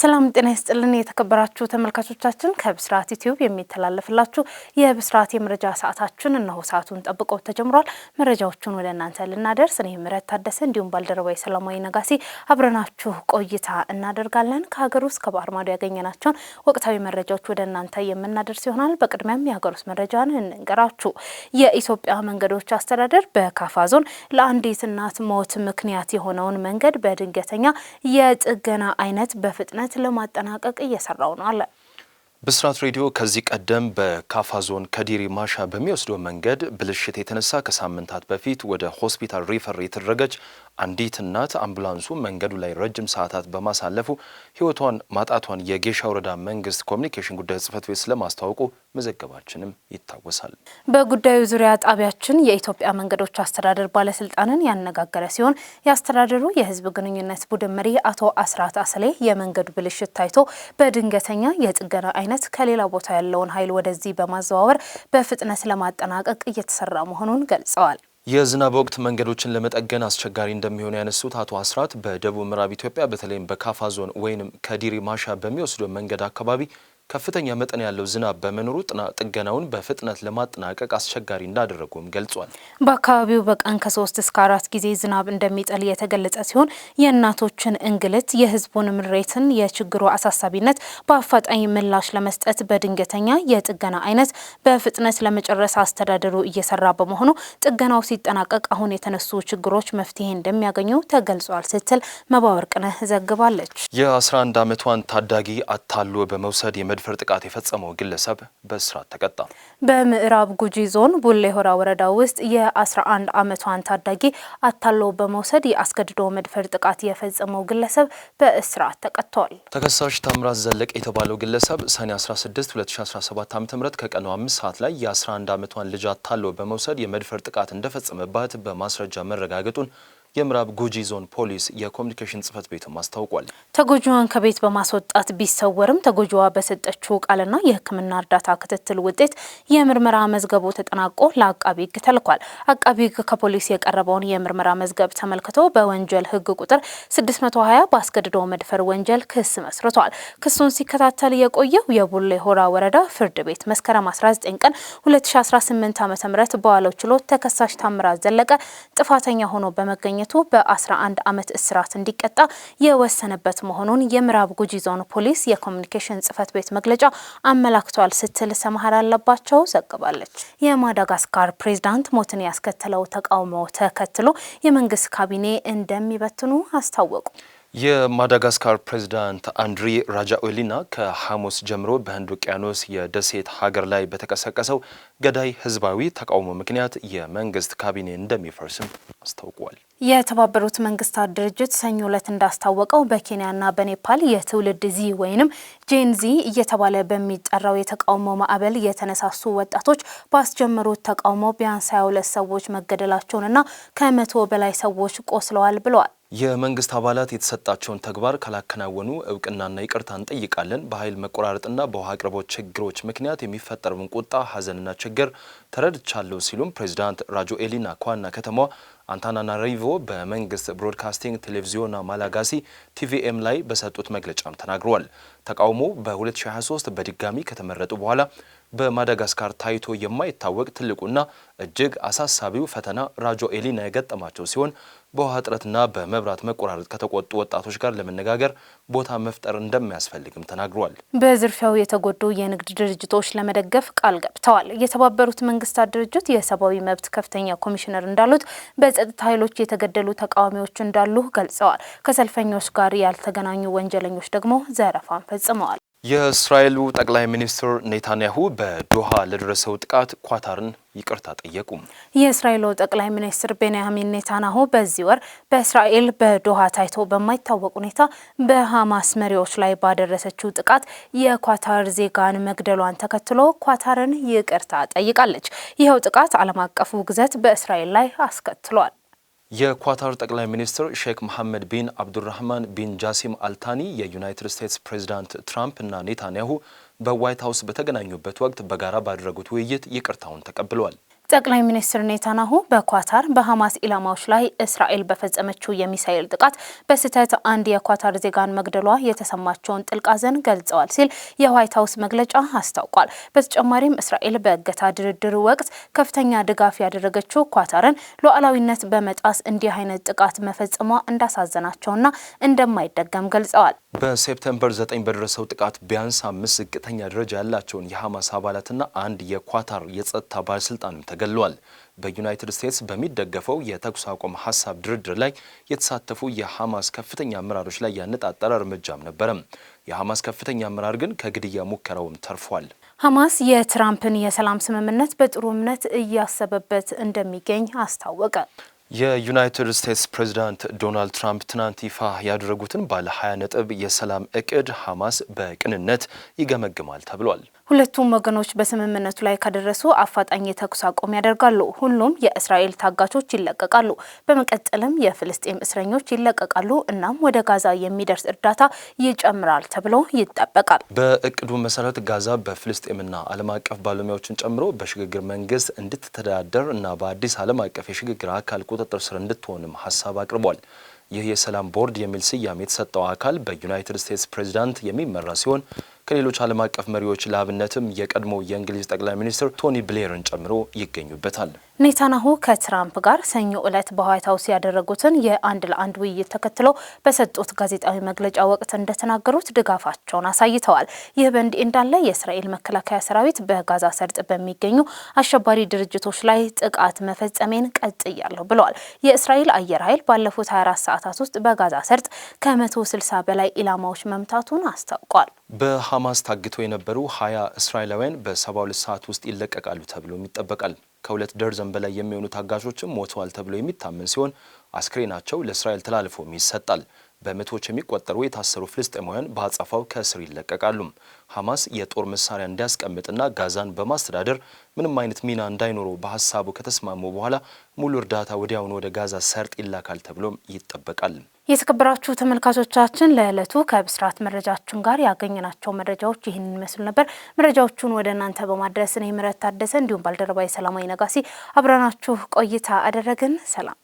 ሰላም ጤና ይስጥልን። የተከበራችሁ ተመልካቾቻችን ከብስራት ዩቲዩብ የሚተላለፍላችሁ የብስራት የመረጃ ሰዓታችን እነሆ ሰዓቱን ጠብቆ ተጀምሯል። መረጃዎቹን ወደ እናንተ ልናደርስ እኔ ምረት ታደሰ እንዲሁም ባልደረባዊ ሰላማዊ ነጋሴ አብረናችሁ ቆይታ እናደርጋለን። ከሀገር ውስጥ ከባህር ማዶ ያገኘናቸውን ወቅታዊ መረጃዎች ወደ እናንተ የምናደርስ ይሆናል። በቅድሚያም የሀገር ውስጥ መረጃን እንንገራችሁ። የኢትዮጵያ መንገዶች አስተዳደር በካፋ ዞን ለአንዲት እናት ሞት ምክንያት የሆነውን መንገድ በድንገተኛ የጥገና አይነት በፍጥነት በፍጥነት ለማጠናቀቅ እየሰራው ነው አለ። ብስራት ሬዲዮ ከዚህ ቀደም በካፋ ዞን ከዲሪ ማሻ በሚወስደው መንገድ ብልሽት የተነሳ ከሳምንታት በፊት ወደ ሆስፒታል ሪፈር የተደረገች አንዲት እናት አምቡላንሱ መንገዱ ላይ ረጅም ሰዓታት በማሳለፉ ህይወቷን ማጣቷን የጌሻ ወረዳ መንግስት ኮሚኒኬሽን ጉዳይ ጽሕፈት ቤት ስለማስታወቁ መዘገባችንም ይታወሳል። በጉዳዩ ዙሪያ ጣቢያችን የኢትዮጵያ መንገዶች አስተዳደር ባለስልጣንን ያነጋገረ ሲሆን የአስተዳደሩ የህዝብ ግንኙነት ቡድን መሪ አቶ አስራት አስሌ የመንገዱ ብልሽት ታይቶ በድንገተኛ የጥገና አይነት ከሌላ ቦታ ያለውን ኃይል ወደዚህ በማዘዋወር በፍጥነት ለማጠናቀቅ እየተሰራ መሆኑን ገልጸዋል። የዝናብ ወቅት መንገዶችን ለመጠገን አስቸጋሪ እንደሚሆኑ ያነሱት አቶ አስራት በደቡብ ምዕራብ ኢትዮጵያ በተለይም በካፋ ዞን ወይንም ከዲሪ ማሻ በሚወስደው መንገድ አካባቢ ከፍተኛ መጠን ያለው ዝናብ በመኖሩ ጥገናውን በፍጥነት ለማጠናቀቅ አስቸጋሪ እንዳደረጉም ገልጿል። በአካባቢው በቀን ከሶስት እስከ አራት ጊዜ ዝናብ እንደሚጠል የተገለጸ ሲሆን የእናቶችን እንግልት፣ የህዝቡን ምሬትን፣ የችግሩ አሳሳቢነት በአፋጣኝ ምላሽ ለመስጠት በድንገተኛ የጥገና አይነት በፍጥነት ለመጨረስ አስተዳደሩ እየሰራ በመሆኑ ጥገናው ሲጠናቀቅ አሁን የተነሱ ችግሮች መፍትሄ እንደሚያገኙ ተገልጿል ስትል መባወርቅነህ ዘግባለች። የ11 ዓመቷን ታዳጊ አታሎ በመውሰድ የመድፈር ጥቃት የፈጸመው ግለሰብ በእስራት ተቀጣ። በምዕራብ ጉጂ ዞን ቡሌ ሆራ ወረዳ ውስጥ የ11 ዓመቷን ታዳጊ አታሎ በመውሰድ የአስገድዶ መድፈር ጥቃት የፈጸመው ግለሰብ በእስራት ተቀጥቷል። ተከሳሽ ታምራት ዘለቅ የተባለው ግለሰብ ሰኔ 16 2017 ዓ.ም ከቀኑ 5 ሰዓት ላይ የ11 ዓመቷን ልጅ አታሎ በመውሰድ የመድፈር ጥቃት እንደፈጸመባት በማስረጃ መረጋገጡን የምዕራብ ጉጂ ዞን ፖሊስ የኮሚኒኬሽን ጽፈት ቤትም አስታውቋል። ተጎጂዋን ከቤት በማስወጣት ቢሰወርም ተጎጂዋ በሰጠችው ቃልና የሕክምና እርዳታ ክትትል ውጤት የምርመራ መዝገቡ ተጠናቆ ለአቃቢ ሕግ ተልኳል። አቃቢ ሕግ ከፖሊስ የቀረበውን የምርመራ መዝገብ ተመልክቶ በወንጀል ሕግ ቁጥር 620 በአስገድዶ መድፈር ወንጀል ክስ መስርቷል። ክሱን ሲከታተል የቆየው የቡሌ ሆራ ወረዳ ፍርድ ቤት መስከረም 19 ቀን 2018 ዓ.ም በዋለው ችሎት ተከሳሽ ታምራት ዘለቀ ጥፋተኛ ሆኖ በመገኘት በመገኘቱ በ11 ዓመት እስራት እንዲቀጣ የወሰነበት መሆኑን የምዕራብ ጉጂ ዞን ፖሊስ የኮሚኒኬሽን ጽፈት ቤት መግለጫ አመላክቷል ስትል ሰማህል አለባቸው ዘግባለች። የማዳጋስካር ፕሬዝዳንት ሞትን ያስከተለው ተቃውሞ ተከትሎ የመንግስት ካቢኔ እንደሚበትኑ አስታወቁ። የማዳጋስካር ፕሬዚዳንት አንድሪ ራጃኦሊና ከሐሙስ ጀምሮ በህንድ ውቅያኖስ የደሴት ሀገር ላይ በተቀሰቀሰው ገዳይ ህዝባዊ ተቃውሞ ምክንያት የመንግስት ካቢኔ እንደሚፈርስም አስታውቋል። የተባበሩት መንግስታት ድርጅት ሰኞ ዕለት እንዳስታወቀው በኬንያና በኔፓል የትውልድ ዚ ወይንም ጄንዚ እየተባለ በሚጠራው የተቃውሞ ማዕበል የተነሳሱ ወጣቶች ባስጀመሩት ተቃውሞ ቢያንስ 22 ሰዎች መገደላቸውንና ከመቶ በላይ ሰዎች ቆስለዋል ብለዋል። የመንግስት አባላት የተሰጣቸውን ተግባር ካላከናወኑ እውቅናና ይቅርታ እንጠይቃለን። በኃይል መቆራረጥና በውሃ አቅርቦት ችግሮች ምክንያት የሚፈጠረውን ቁጣ፣ ሀዘንና ችግር ተረድቻለሁ ሲሉም ፕሬዚዳንት ራጆኤሊና ከዋና አንታናና አንታናናሪቮ በመንግስት ብሮድካስቲንግ ቴሌቪዚዮና ማላጋሲ ቲቪኤም ላይ በሰጡት መግለጫም ተናግረዋል። ተቃውሞው በ2023 በድጋሚ ከተመረጡ በኋላ በማዳጋስካር ታይቶ የማይታወቅ ትልቁና እጅግ አሳሳቢው ፈተና ራጆ ኤሊና የገጠማቸው ሲሆን በውሃ እጥረትና በመብራት መቆራረጥ ከተቆጡ ወጣቶች ጋር ለመነጋገር ቦታ መፍጠር እንደሚያስፈልግም ተናግሯል። በዝርፊያው የተጎዱ የንግድ ድርጅቶች ለመደገፍ ቃል ገብተዋል። የተባበሩት መንግስታት ድርጅት የሰብአዊ መብት ከፍተኛ ኮሚሽነር እንዳሉት በጸጥታ ኃይሎች የተገደሉ ተቃዋሚዎች እንዳሉ ገልጸዋል። ከሰልፈኞች ጋር ያልተገናኙ ወንጀለኞች ደግሞ ዘረፋን ፈጽመዋል። የእስራኤሉ ጠቅላይ ሚኒስትር ኔታንያሁ በዶሃ ለደረሰው ጥቃት ኳታርን ይቅርታ ጠየቁ። የእስራኤሉ ጠቅላይ ሚኒስትር ቤንያሚን ኔታንያሁ በዚህ ወር በእስራኤል በዶሃ ታይቶ በማይታወቅ ሁኔታ በሐማስ መሪዎች ላይ ባደረሰችው ጥቃት የኳታር ዜጋን መግደሏን ተከትሎ ኳታርን ይቅርታ ጠይቃለች። ይኸው ጥቃት ዓለም አቀፉ ግዘት በእስራኤል ላይ አስከትሏል። የኳታር ጠቅላይ ሚኒስትር ሼክ መሐመድ ቢን አብዱራህማን ቢን ጃሲም አልታኒ የዩናይትድ ስቴትስ ፕሬዚዳንት ትራምፕ እና ኔታንያሁ በዋይት ሀውስ በተገናኙበት ወቅት በጋራ ባደረጉት ውይይት ይቅርታውን ተቀብለዋል። ጠቅላይ ሚኒስትር ኔታናሁ በኳታር በሐማስ ኢላማዎች ላይ እስራኤል በፈጸመችው የሚሳኤል ጥቃት በስህተት አንድ የኳታር ዜጋን መግደሏ የተሰማቸውን ጥልቅ ሐዘን ገልጸዋል ሲል የዋይት ሀውስ መግለጫ አስታውቋል። በተጨማሪም እስራኤል በእገታ ድርድር ወቅት ከፍተኛ ድጋፍ ያደረገችው ኳታርን ሉዓላዊነት በመጣስ እንዲህ አይነት ጥቃት መፈጸሟ እንዳሳዘናቸውና እንደማይደገም ገልጸዋል። በሴፕተምበር 9 በደረሰው ጥቃት ቢያንስ አምስት ዝቅተኛ ደረጃ ያላቸውን የሐማስ አባላትና አንድ የኳታር የጸጥታ ባለሥልጣንም ተገልሏል። በዩናይትድ ስቴትስ በሚደገፈው የተኩስ አቁም ሀሳብ ድርድር ላይ የተሳተፉ የሐማስ ከፍተኛ አመራሮች ላይ ያነጣጠረ እርምጃም ነበረም። የሐማስ ከፍተኛ አመራር ግን ከግድያ ሙከራውም ተርፏል። ሐማስ የትራምፕን የሰላም ስምምነት በጥሩ እምነት እያሰበበት እንደሚገኝ አስታወቀ። የዩናይትድ ስቴትስ ፕሬዚዳንት ዶናልድ ትራምፕ ትናንት ይፋ ያደረጉትን ባለ 20 ነጥብ የሰላም እቅድ ሐማስ በቅንነት ይገመግማል ተብሏል። ሁለቱም ወገኖች በስምምነቱ ላይ ከደረሱ አፋጣኝ የተኩስ አቁም ያደርጋሉ። ሁሉም የእስራኤል ታጋቾች ይለቀቃሉ። በመቀጠልም የፍልስጤም እስረኞች ይለቀቃሉ። እናም ወደ ጋዛ የሚደርስ እርዳታ ይጨምራል ተብሎ ይጠበቃል። በእቅዱ መሰረት ጋዛ በፍልስጤምና ዓለም አቀፍ ባለሙያዎችን ጨምሮ በሽግግር መንግስት እንድትተዳደር እና በአዲስ ዓለም አቀፍ የሽግግር አካል ቁጥጥር ስር እንድትሆንም ሀሳብ አቅርቧል። ይህ የሰላም ቦርድ የሚል ስያሜ የተሰጠው አካል በዩናይትድ ስቴትስ ፕሬዚዳንት የሚመራ ሲሆን ከሌሎች ዓለም አቀፍ መሪዎች ለአብነትም የቀድሞ የእንግሊዝ ጠቅላይ ሚኒስትር ቶኒ ብሌርን ጨምሮ ይገኙበታል። ኔታንያሁ ከትራምፕ ጋር ሰኞ ዕለት በዋይት ሀውስ ያደረጉትን የአንድ ለአንድ ውይይት ተከትሎ በሰጡት ጋዜጣዊ መግለጫ ወቅት እንደተናገሩት ድጋፋቸውን አሳይተዋል። ይህ በእንዲህ እንዳለ የእስራኤል መከላከያ ሰራዊት በጋዛ ሰርጥ በሚገኙ አሸባሪ ድርጅቶች ላይ ጥቃት መፈጸሜን ቀጥያለሁ ብለዋል። የእስራኤል አየር ኃይል ባለፉት 24 ሰዓታት ውስጥ በጋዛ ሰርጥ ከ160 በላይ ኢላማዎች መምታቱን አስታውቋል። በሐማስ ታግተው የነበሩ ሀያ እስራኤላውያን በ72 ሰዓት ውስጥ ይለቀቃሉ ተብሎም ይጠበቃል። ከሁለት ደርዘን በላይ የሚሆኑ ታጋሾችም ሞተዋል ተብሎ የሚታመን ሲሆን አስክሬናቸው ለእስራኤል ተላልፎም ይሰጣል። በመቶዎች የሚቆጠሩ የታሰሩ ፍልስጤማውያን በአጸፋው ከእስር ይለቀቃሉ። ሐማስ የጦር መሳሪያ እንዲያስቀምጥና ጋዛን በማስተዳደር ምንም አይነት ሚና እንዳይኖረው በሀሳቡ ከተስማሙ በኋላ ሙሉ እርዳታ ወዲያውኑ ወደ ጋዛ ሰርጥ ይላካል ተብሎም ይጠበቃል። የተከበራችሁ ተመልካቾቻችን ለዕለቱ ከብስራት መረጃችን ጋር ያገኘናቸው መረጃዎች ይህን ይመስሉ ነበር። መረጃዎቹን ወደ እናንተ በማድረስ እኔ ምረት ታደሰ እንዲሁም ባልደረባ የሰላማዊ ነጋሲ አብረናችሁ ቆይታ አደረግን። ሰላም